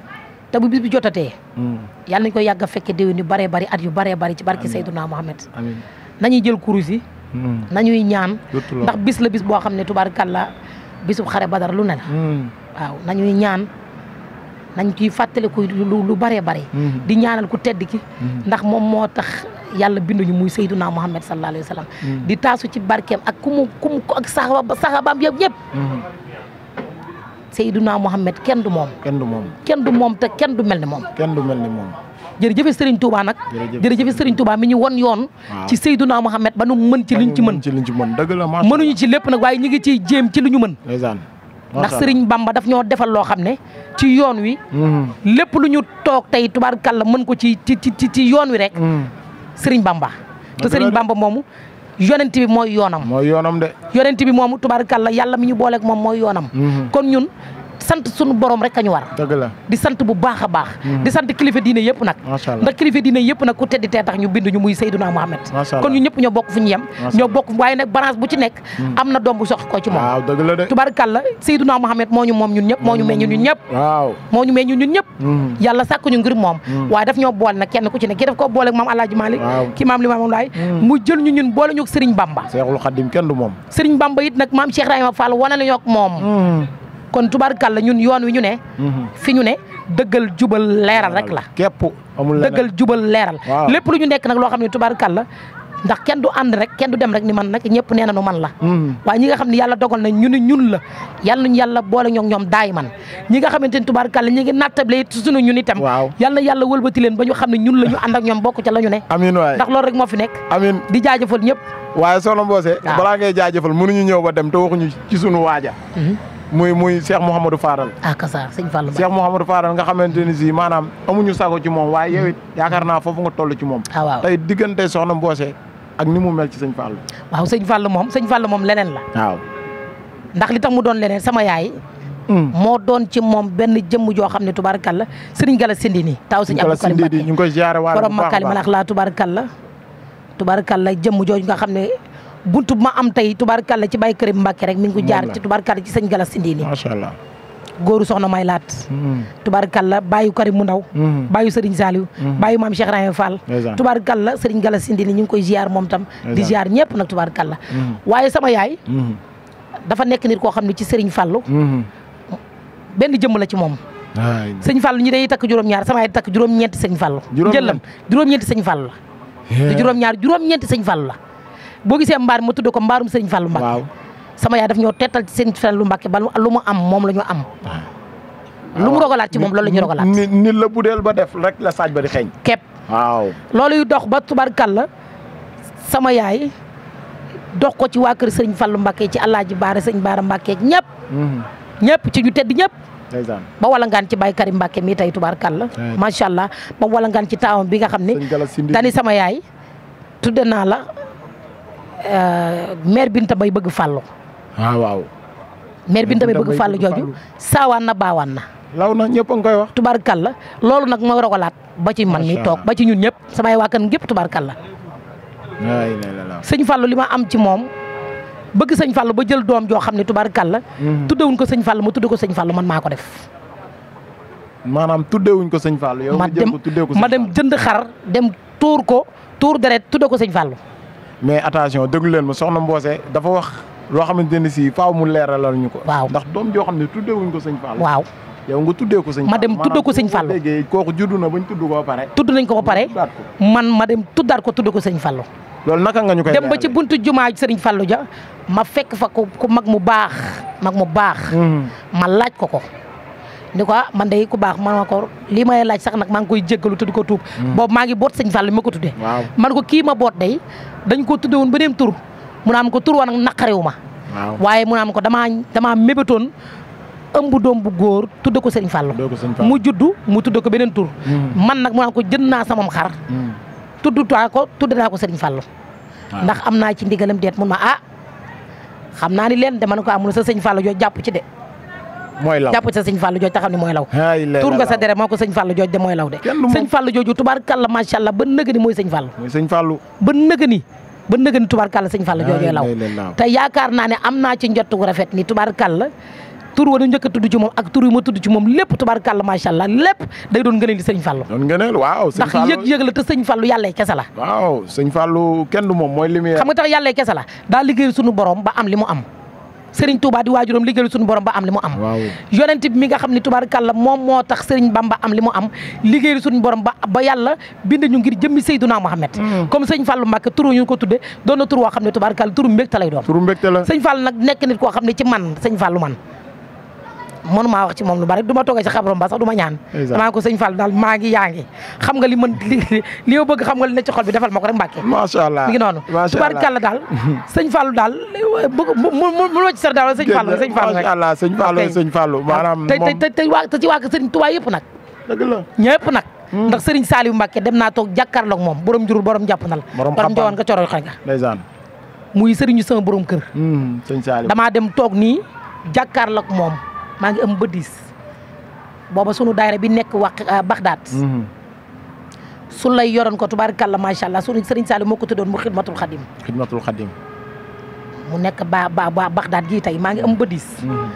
te bu bis bi jotatee. Hmm. yàlla nañu koy yàgg a fekkee déwén yu baree bari at yu baree bari ci barke Seydouna Mohamed. amiin nañuy jël kurus yi. Hmm. nañuy ñaan. ndax bis la bis boo xam ne tubaarkàlla bisub xare badar lu ne la. Hmm. waaw nañuy ñaan nañ ciy fàttaliku lu lu baree bari. di ñaanal ku tedd ki. ndax moom moo tax yàlla bindu ñu muy Seydouna Mohamed sallallahu alayhi wa sallam. di taasu ci barkeem ak ku mu ku mu ak saxabaam yëpp ñëpp. Seydina Mohamed kenn du moom. kenn du moom kenn du moom te kenn du mel ni moom. kenn du mel ni moom. jërëjëf Serigne Touba nag. jërëjëf sëriñ Touba mi ñu won yoon. ci Seydina Mohamed ba nu mën ci liñ ci mën. ci liñ ci mën dëgg mënuñu ci lépp nag waaye ñu ngi ciy jéem ci li ñu mën. ndax Serigne Bamba daf ñoo defal loo xam ne ci yoon wi. Mm-hmm. lépp lu ñu toog tey la mën ko ci ci ci ci yoon wi rek. Mm-hmm. Serigne Bamba te Serigne Bamba moomu yonent bi mooy yoonam. mooy yoonam de. yonent bi moomu tubaarkalla yàlla mi ñu moom mooy yoonam. Mhm. kon ñun sant sunu borom rek a ñu war. dëgg la sant bu baax a baax. Mm-hmm. di sant kilifa diine yëpp nag. macha allah ndax kilifa diine yëpp nag ku tedd tee ñu bind ñu muy Seydina Mohamed. kon ñu ñëpp ñoo bokk fu ñu yem. ñoo bokk waaye nag branche bu ci nekk. Mm-hmm. am na doom bu sox ko moom. waaw dëgg la de moo ñu moom ñun ñëpp moo ñu meññ ñun ñëpp. waaw moo ñu meññ ñun ñëpp. Mm-hmm. yàlla ñu ngir moom. waaye def ñoo boole nag kenn ku ci nekk kii daf koo boole ak maam Alaaji ki maam li maam laay mu jël ñu ñun boole ñu ak Serigne moom. Serigne Bamba kon kalla ñun yoon wi ñu ne. Mhm. fi ñu ne dëggal jubal leeral rek la. képp amul dëggal jubal leeral. lépp lu ñu nekk nag loo xam ne tubaarkàlla ndax kenn du ànd rek kenn du dem rek ni man nag ñëpp nee na nu man la. Mhm. waaye ñi nga xam ne yàlla dogal na ñu ni ñun la yal nañu yàlla boole ñoom ñoom daay man ñi nga xamante ni tubaarkàlla ñi ngi nattable suñu ñun itam. waaw yal na yàlla wëlbati leen ba ñu xam ne ñun la ñu ànd ak ñoom bokk ca la ñu ne. amiin waay ndax loolu rek moo fi nekk. amiin di jaajëfal ñëpp. waaye soxna Mbossé. Ah. balaa ngay jaajëfal ñëw ba dem te waxuñu ci sunu waaja mhm. muy muy Cheikh Mouhamadou Faral. ah Kassar sëñ Fallou Cheikh Mouhamadou Faral nga xamante ni sii maanaam amuñu sago ci moom waaye yow yaakaar naa foofu nga toll ci moom. ah waaw tey diggante soxna Mboose ak ni mu mel ci sëñ Fallou. waaw sëñ Fallou moom sëñ Fallou moom leneen la. waaw ndax li tax mu doon leneen sama yaay. Hmm. moo doon ci moom benn jëmm joo xam ne tubaarkalla sëriñ Gala Sindi nii. taw sëñ Abdou Karim Mbacké ñu ngi koy ziare waale bu baax a baax borom Makaarimul Axlaaq tubaarkalla. tubaarkalla jëmm jooju nga xam ne buntu bu ma am tey tubaarkàlla ci Baye Karim Mbacke rek mi ngi ko jaar ci tubaarkàlla ci sëñ Galas Sindini. macha allah góoru soxna may laat. Hmm. tubaarkàlla bàyyu Karim mu ndaw. Hmm. bàyyu Serigne Saliou. Hmm. bàyyu maam Cheikh Rahim Fall. tubaarkàlla Serigne Galas Sindini ñu ngi koy ziar moom tam. di ziar ñëpp nag tubaarkàlla. waaye sama yaay. dafa nekk nit koo xam ne ci Serigne Fallou. benn jëmm la ci moom. sëñ Fallou ñi day takk juróom-ñaar sama yaay takk juróom-ñeenti sëñ Fallou. juróom-ñeenti jëllam juróom-ñeenti la. te juróom juróom-ñeenti sëñ Fallou la boo gisee mbaar ma tudd ko mbaarum sëriñ Fallou Mbacké. waaw sama yaay daf ñoo tettal ci sëriñ Fallou Mbacké ba lu mu am moom la ñu am. lu mu rogalaat ci moom loolu la ñu rogalaat. ni ni la budeel ba def rek la saaj ba di xeeñ. képp waaw. loolu yu dox ba la sama yaay dox ko ci waa kër fal lu Mbacké ci Alaaji Baara sëriñ Baara Mbacké ñëpp. Mm-hmm. ñëpp ci ñu tedd ñëpp. ba wala ngaan ci Baye Karim Mbacké mii tey la macha allah ba wala ngaan ci taawam bi nga xam ne. dani sama yaay Euh, mère Binta bay bëgg fàllu ah waaw. mère Binta bay bëgg fàllu jooju saawaan na baawaan na. law na ñëpp a ngi koy wax. tubarkalla loolu nag mooy rogalaat ba ci man mi toog ba ci ñun ñëpp samay waa kan gépp tubarkalla. sëñ fàllu li ma am ci moom bëgg sëñ fallu ba jël doom joo xam ne tubarkalla. Mhm. wuñ ko sëñ fàllu ma tudde ko sëñ fàllu man maa ko def. maanaam wuñ ko sëñ fàllu yow ma dem ma dem jënd xar dem tuur ko tuur deret tudde ko sëñ fàllu mais attention déglu leen ma soxna Mboose dafa wax loo xamante ne si faaw mu leeralal ñu ko. waaw ndax doom joo xam ne wuñ ko sëñ Fall. waaw yow nga tuddee ko sëñ Fall ma dem tuddee ko sëñ Fall. kooku juddu na bañ ko ba pare. tudd nañ ko ba pare man ma dem tuddaat ko tudd ko sëñ Fall. loolu naka nga ñu koy dem ba ci buntu jumaa sëriñ Fallu ja ma fekk fa ko mag mu baax mag mu baax. Mm-hmm. ma laaj ko ko. ni ko ah man day ku baax man ma ko lii may laaj sax nag maa ngi koy jéggalu tudd ko tuub mm. boobu maa ngi boot sëñ Fall ma ko tuddee man ko kii ma boot day dañ ko tudde woon beneen tur mu naam ko tur woon nag naqariwu ma waaye mu naam ko damaa damaa mébétoon ëmb doom bu góor tudde ko sëñ Fall mu juddu mu tudde ko beneen tur mm. man nag mu naam ko jënd naa samam xar mm. tuddu taa ko tudde naa ko sëñ Fall ndax am naa ci ndigalam deet mun ma ah xam naa ni leen de man ko amul ah, sa sëñ Fall joo jàpp ci de mooy law jàpp sa Jooj taxaw ni mooy law tuur nga sa dere moo ko sëñ Fallou Jooj de mooy law de sëñ Fallou Jooju tubaarkàlla macha allah ba nëgë mooy sëñ Fallou mooy sëñ ba nëgë ni ba nëgë ni tubaarkàlla sëñ Fallou Joojooy law te yaakaar naa ne am naa ci njottu rafet ni tubaarkàlla tur wa nu njëkk a tudd ci moom ak tur yi ma tudd ci moom lépp tubaarkàlla macha allah lépp day doon ngëneel li sëñ Fallou doon ngëneel waaw ndax yëg-yëg la te sëñ Fallou yàlla moom mooy lumière xam nga tax yàlla kese la daa liggéey suñu borom ba am li mu am Serigne Touba di waajuram liggéeyal suñu borom ba am li mu am yonent bi mi nga xam ne tubaarkàlla moom moo tax Serigne Bamba am li mu am liggéeyal suñu borom ba ba yàlla ñu ngir jëmmi Seydouna Mohamed hmm. comme Serigne Fallou Mbacké turu ñu ko tudde doon na tur woo xam ne tubaarkàlla turu mbégte lay doon turu mbégte nag nekk nit koo xam ne ci man Serigne Fallou man mënu ma wax ci moom lu bari du ma toogee ci xabrom ba sax ma ñaan damaa ko sëñ Fall daal maa ngi yaa ngi xam nga li mën li yow bëgg xam nga li ne ci xol bi defal ma ko rek Mbàkke macha allah mi ngi noonu tubaarkàlla daal *laughs* sëñ Fallu daal mu ma ci sar daal sëñ Fallu sëñ Fallu macha allah sëñ Fallu sëñ Fallu maanaam tey tey tey waa te ci waa sëñ Tuubaa yëpp nag dëgg la ñëpp nag hmm. ndax sëriñ Saliou Mbàkke dem naa toog jàkkaarloog moom borom jurul borom jàpp na la borom jowoon nga coroy xay nga muy sëriñu sama borom kër hmm, damaa dem toog nii jàkkaarloog moom maa ngi ëmb ba diis booba sunu daayira bi nekk wax euh, Bagdad mhm. su lay yoroon ko tubaarikàlla macha allah sunu sëriñ Saali moo ko tuddoon mu xidmatul xadim xidmatul xadim mu nekk ba ba ba Bagdad gii tey maa ngi ëmb ba diis mhm.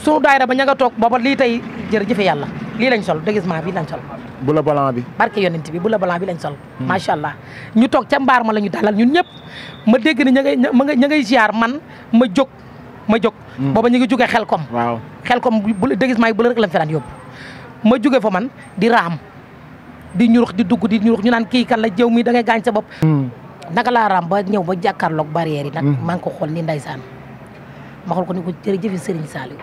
sunu daayira ba ña nga toog booba lii tey jërëjëfe yàlla lii lañ sol déguisement bi lañ sol bu la balan bi barke yonent bi bu la balan bi lañ sol mhm. macha allah ñu toog ca mbaar ma la ñu dalal ñun ñëpp ma dégg ne ña ngay ma nga ña ngay ziar man ma jóg ma jog mm. booba ñu ngi jógee xel kom xel kom bu déguisement yi bu la rek lañ ma jóge fa man di raam di ñurux di dugg di ñurux ñu naan kii kan la jëw mi da ngay gaañ sa bopp mm. naka laa raam ba ñëw ba jàkkaarloog barrière yi nag mm. maa ngi ko xool ni ndeysaan ma xool ko ni ko jërëjëfi Serigne Saliou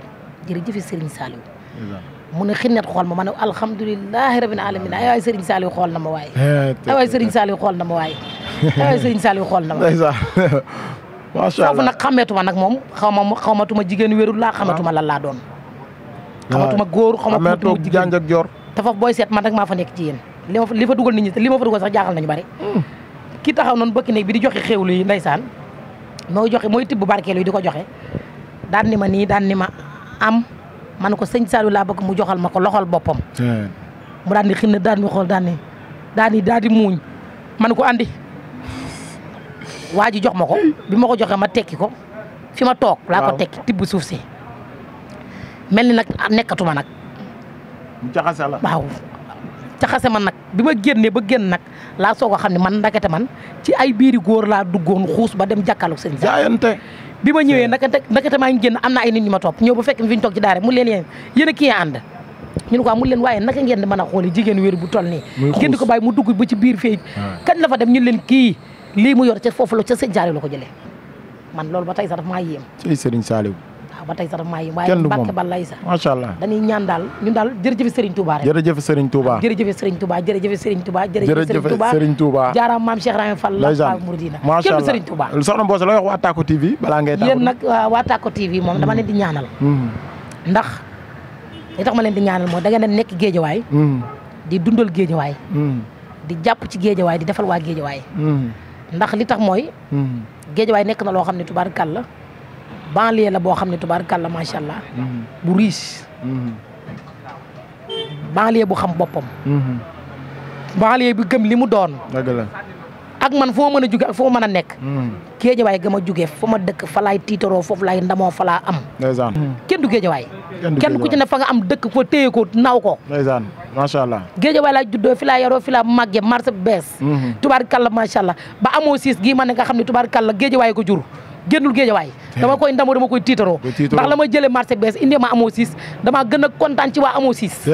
jërëjëfi Serigne mun mu ne xinnet xool ma ma ne alhamdulilahi rabbil alamin ay waay Serigne Saliou xool na ma waaye ay waay Serigne Saliou xool na ma waaye ay waay *laughs* Serigne Saliou xool na ma macha allah foofu nag xameetuma nag moom xaw ma xaw ma tuma jigéen wérul laa xamatuma lan laa doon. xamatuma góor xamatuma jigéen ak jor te foofu booy seet man nag maa fa nekk ci yéen li fa li fa dugal nit ñi li ma fa dugal sax jaaxal nañu bari. Hmm. ki taxaw noonu bëkk néeg bi di joxe xéwlu yi ndeysaan mooy joxe mooy tibb barkeelu yi di ko joxe daan ni ma nii daan ni ma am man ko sëñ Saliou laa bëgg mu joxal ma ko loxol boppam. mu daan di xin na daan di xool daan di daan di daan di muuñ man ko andi waa ji jox ma ko bi ma ko joxee ma tekki ko fi ma toog. laa ko tekki tibb suuf si. mel ni nag nekkatuma nag. jaxase la waaw. jaxase ma nag bi ma génnee ba génn nag laa soog xam ne man ndakete man ci ay biiri góor laa duggoon xuus ba dem jàkkaarloog seen. jaayante bi ma ñëwee ndakate ndakate maa ngi génn am na ay nit ñu ma topp ñëw bu fekk fi ñu toog ci daara mu leen yéen yéen a kii ànd. ñun quoi ah, mu leen waaye naka ngeen di mën a xoolee jigéen wér bu toll nii. génn ko baay mu dugg ba ci biir fii. kañ la fa dem ñu leen kii. lii mu yor ca foofu la ca sëñ Saaliw la ko jëlee man loolu ba tey sax daf maa yéem. ci sëriñ Saaliw. waaw ba tey sax daf maa yéem. kenn du moom waaye Mbàkke Balaye sax. macha allah dañuy ñaan daal ñun daal jërëjëf Serigne Touba rek. jërëjëf Serigne Touba jërëjëf Serigne Touba jërëjëf Serigne Touba. jërëjëf Serigne Touba jaaraam maam Cheikh Rahim Fall. lay sax macha allah kenn du Serigne Touba. soxna Mbossé looy wax waa Tako TV balaa ngay. yéen nag waa Tako TV moom dama leen di ñaanal. Mm-hmm. ndax li tax ma leen di ñaanal mooy da ngeen nekk géejawaay mm-hmm. di dundal géejawaay mm-hmm. di jàpp ci géejawaay di defal waa géejawaay ndax li tax mooy. Hmm. géejawaay nekk na loo xam ne tubaarkàll la banlieue la boo xam ne tubaarkàll la macha allah. Hmm. bu riche. Hmm. banlieue bu xam boppam. banlieue bi gëm li mu doon. dëgg ak man foo mën a jóge ak foo mën a nekk. géejawaay ga ma jóge foo ma dëkk falaay laay tiitaroo foofu laay ndamoo fa laa am. kenn du géejawaay. kenn ku ci ne fa nga am dëkk fa téye naw ko ndeysaan macha allah géejawaay laa juddoo fi laa yaroo fi laa màggee marché bu bees mhm. tubaarkàlla macha allah ba amoo siis gii ma ne nga xam ne tubaarkàlla géejawaay ko jur génnul géejawaay dama koy ndamoo dama koy tiitaroo ndax la ma jëlee marché bees indi ma amoo siis damaa gën a kontaan ci waa amoo siis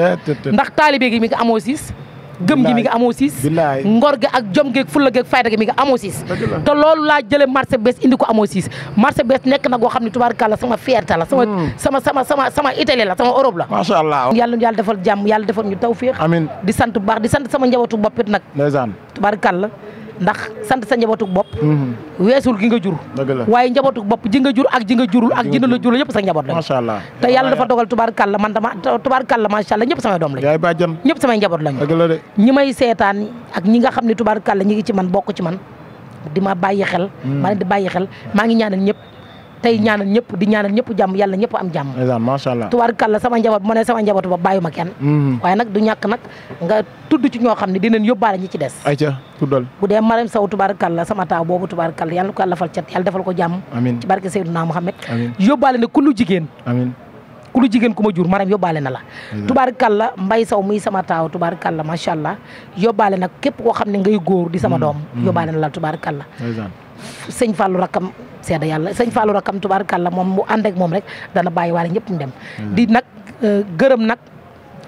ndax taalibe gi mi nga amoo siis gëm gi mi nga amoo ngor gi ak jom gi ak fulla gi ak gi mi nga amoo siis loolu laa jëlee marché bees indi ko amoo siis marché bees nekk na goo xam ne tubaarkàlla sama fierté la sama hmm. sama sama sama sama Italie la sama Europe la macha allah yàlla yàlla defal jàmm yàlla defal ñu tawféex amiin di sant bu baax di sant sama njabootu boppit nag ndeysaan la ndax sant sa njabootuk bopp mhm. weesul gi nga jur waaye njabootuk bopp ji nga jur ak ji nga jurul ak ji na la jurul yëpp sa njaboot lañ macha allah te yàlla dafa dogal tubaarkàlla man dama tubaarkàlla macha allah ñëpp samay doom lañ yaay bàjjan ñëpp samay njaboot lañ ñi may seetaan ak ñi nga xam ne tubaarkàlla ñi ngi ci man bokk ci man di ma bàyyi xel mm. maa leen di bàyyi xel maa ngi ñaanal ñëpp tey ñaanal ñëpp di ñaanal ñëpp jàmm yàlla ñëpp am jàmm macha allah tubaarkàlla sama njaboot bu ma ne sama njaboot ba bàyyu ma kenn mm-hmm. waaye nag du ñàkk nag nga tudd ci ñoo xam ne dinañ yóbbaale ñi ci des ayca tuddal bu dee saw Sow tubaarkàlla sama taaw boobu tubaarkàlla yàlla ko yàlla fal cat yàlla defal ko jàmm amiin ci barke Seydina Muhammad yóbbaale na kullu jigéen amiin ku jigéen ku ma jur maram yóbbaale na la tubaarkalla mbay saw muy sama taaw tubaarkalla macha allah yóbbaale nag képp koo xam ne ngay góor di sama mm-hmm. doom mm-hmm. yóbbaale na la tubaarkalla sëñ Fallou rakam seeda yàlla sëñ Fallou rakam tubaarkàlla moom bu ànd ak moom rek dana bàyyi waale ñëpp ñu dem. Hmm. di nag euh, gërëm nag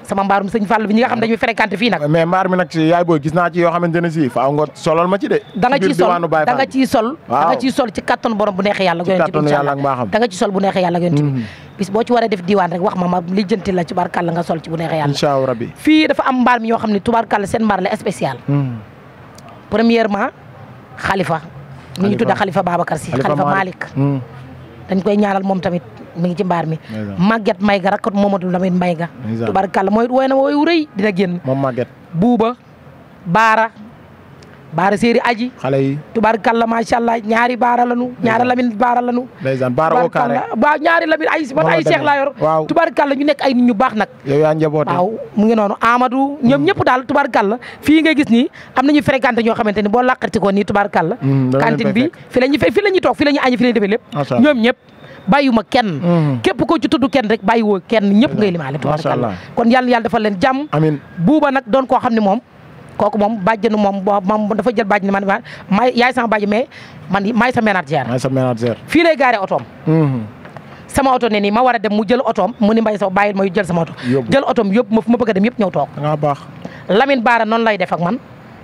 sama mbaarum sëñ Fallou bi ñi nga xam hmm. dañuy fréquenté fii nag. mais mbaar mi nag ci yaay booy gis naa ci ne si faaw nga solal ma ci de. da nga sol da nga ciy sol da nga ciy sol ci kattan bu neexee yàlla. ci kattan yàlla ak mbaaxam da nga ciy sol bu neexee yàlla yonent bi hmm. bis boo ci waree def diiwaan rek wax ma ma lijjanti la ci tubaarkàlla nga sol bu neexee yàlla. fii dafa am mbaar ne tubaarkàlla seen mbaar la spécial. premièrement xalifa mi ngi tudda Khalifa Babacar si Khalifa Malick hmm. dañ koy ñaaral moom tamit mi ngi ci mbaar mi Maguette Mayga rakkat Momadou Lamine Mayga tubarkalla mooy woy na woy wu rëy dina génn moom Maguette buuba baara baara séeri aji xale yi tubaarkalla macha allah ñaari baara lanu ñaari lamin baara lanu ndeysaan baara au carré waaw ñaari lamin ay ba ay seex laa yor waaw ñu nekk ay nit ñu baax nag yow yaa njaboote mu ngi noonu Amadou ñoom mm. ñëpp daal tubaarkalla fii ngay gis nii am nañu fréquenté ñoo xamante ni boo làqati ko nii tubaarkalla mm, cantine bi fi la ñu fi la ñuy toog fi la ñuy añi fi la ñuy defee lépp ñoom ñëpp bàyyuma kenn mm. képp ko ci tudd kenn rek bàyyiwoo kenn ñëpp ngay limaale tubaarkalla kon yàlla yàlla defal leen jàmm amiin buuba nag doon koo xam ne moom kooku moom bàjjenu moom moom dafa jël bàjjenu man maay yaay sama bàjj mais man maay sa ménagère. maay sa ménagère. fii lay gaaree otoom. Mhm. sama oto ne nii ma war a dem mu jël otoom mu ni mbay saw bàyyil mooy jël sama oto. jël otoom yóbbu ma fu ma bëgg a ñëw toog. da ngaa baax Lamine lay def ak man.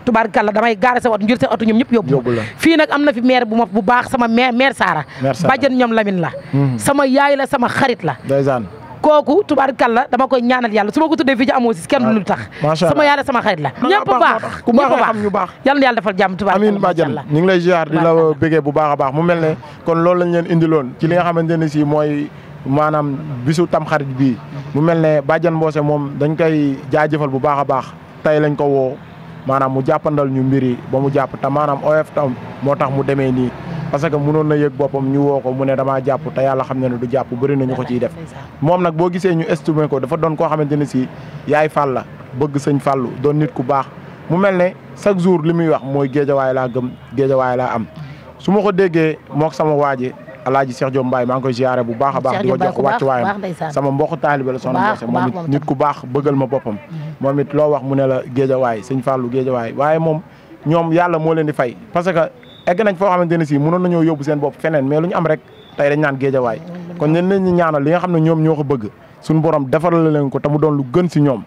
tubaar kàlla damay gaare sa oto njur oto ñoom ñëpp yóbbu fii nag am na fi maire bu ma bu baax sama maire maire Saara bàjjen ñoom Lamine la mhm. sama yaay la sama xarit la ndeysaan kooku tubaarkalla dama koy ñaanal yàlla suma ma ko tuddee fii amoo si kenn lu tax sama yaay la sama xarit la ñëpp baax ku baax xam ñu baax yàlla na yàlla defal jàmm tubaarkalla amiin bàjjan ñu ngi lay ziar di la bëggee bu baax a baax mu mel ne kon loolu lañ leen indiloon ci li nga xamante ne si mooy maanaam bisu tamxarit bi mu mel ne bàjjan Mbossé moom dañ koy jaajëfal bu baax a baax tey lañ ko woo maanaam mu jàppandal ñu mbir yi ba mu jàpp te maanaam of tam moo tax mu demee nii parce que mënoon na yëg boppam ñu woo ko mu ne damaa jàpp te yàlla xam na ne du jàpp bëri nañu ko ciy def moom nag boo gisee ñu estimé ko dafa doon koo xamante ne si yaay fàll la bëgg sëñ fàllu doon nit ku baax mu mel ne chaque jour li muy wax mooy géejawaay laa gëm géejawaay laa am su ma ko déggee mook sama waaji alaaji Cheikh Diop Mbaye maa ngi koy ziare bu baax a baax di ko jox wàccu waayam sama mbokk taalibe la soxna Mbose ku baax bëggal ma boppam mhm. moom it loo wax mu ne la géejawaay sëñ fàllu géejawaay waaye moom ñoom yàlla moo leen di fay parce que egg nañ foo xamante ne si mënoon nañoo yóbbu seen bopp feneen mais lu ñu am rek tey dañ naan géejawaay kon ñen leen ñi li nga xam ne ñoom ñoo ko bëgg suñu borom defaral leen ko te mu doon lu gën si ñoom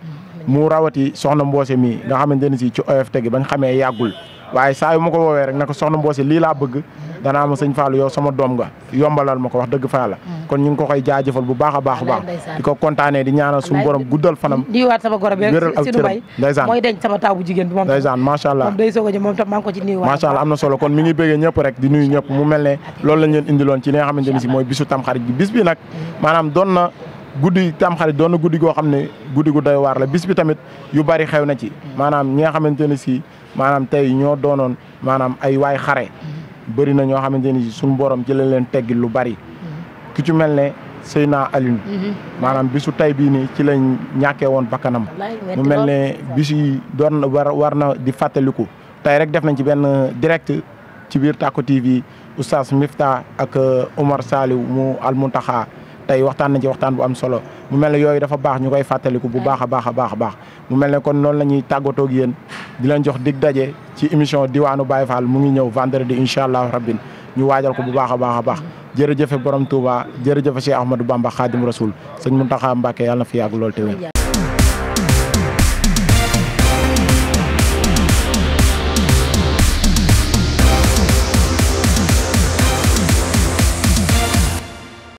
mu rawati soxna Mboose mii nga xamante ne si ci OFT bañ xamee yàggul waaye saa yu woowee rek na ko soxna Mboose lii laa bëgg danaa ma sëñ Fallou sama doom nga yombalal ma ko wax dëgg fa mm. kon ñu ko koy jaajëfal bu baax a baax baax di ko kontaanee di ñaanal suñu borom guddal fanam diwaat sama goro allah am na solo kon mi ngi bëggee ñëpp rek di nuyu ñëpp mu mel ne loolu lañ indiloon ci li nga xamante si mooy bisu tamxarit bi bis bi nag mm. maanaam guddi tamxarit doon na guddi goo xam ne guddi gu doy waar la bis bi tamit yu bari xew na ci maanaam ñi nga xamante ne si maanaam tey ñoo doonoon maanaam ay waay xare bëri na ñoo xamante ne si suñu boroom ci lañ leen teggi lu bari ki ci mel ne Seyna alin mhm. maanaam bisu tay bii nii ci lañ ñàkkee woon bakkanam mu mel ne bis yi doon war war na di fàttaliku tey rek def nañ ci benn direct ci biir Tacko TV Oustaz Mifta ak euh, Omar Saliou mu Almuntaxa tey waxtaan nañ ci waxtaan bu am solo mu mel ne yooyu dafa baax ñu koy fàttaliku bu baax a baax a baax a baax mu mel ne kon noonu la ñuy tàggatoog yéen di leen jox dig daje ci émission diwaanu Baye Fall mu ngi ñëw vendredi incha allah rabin ñu waajal ko bu baax a baax a baax jërëjëfe borom Touba jërëjëfe Cheikh Ahmadou Bamba Khadim Rasoul sëñ Mountakha Mbacké yàlla na fi yàgg lool te wér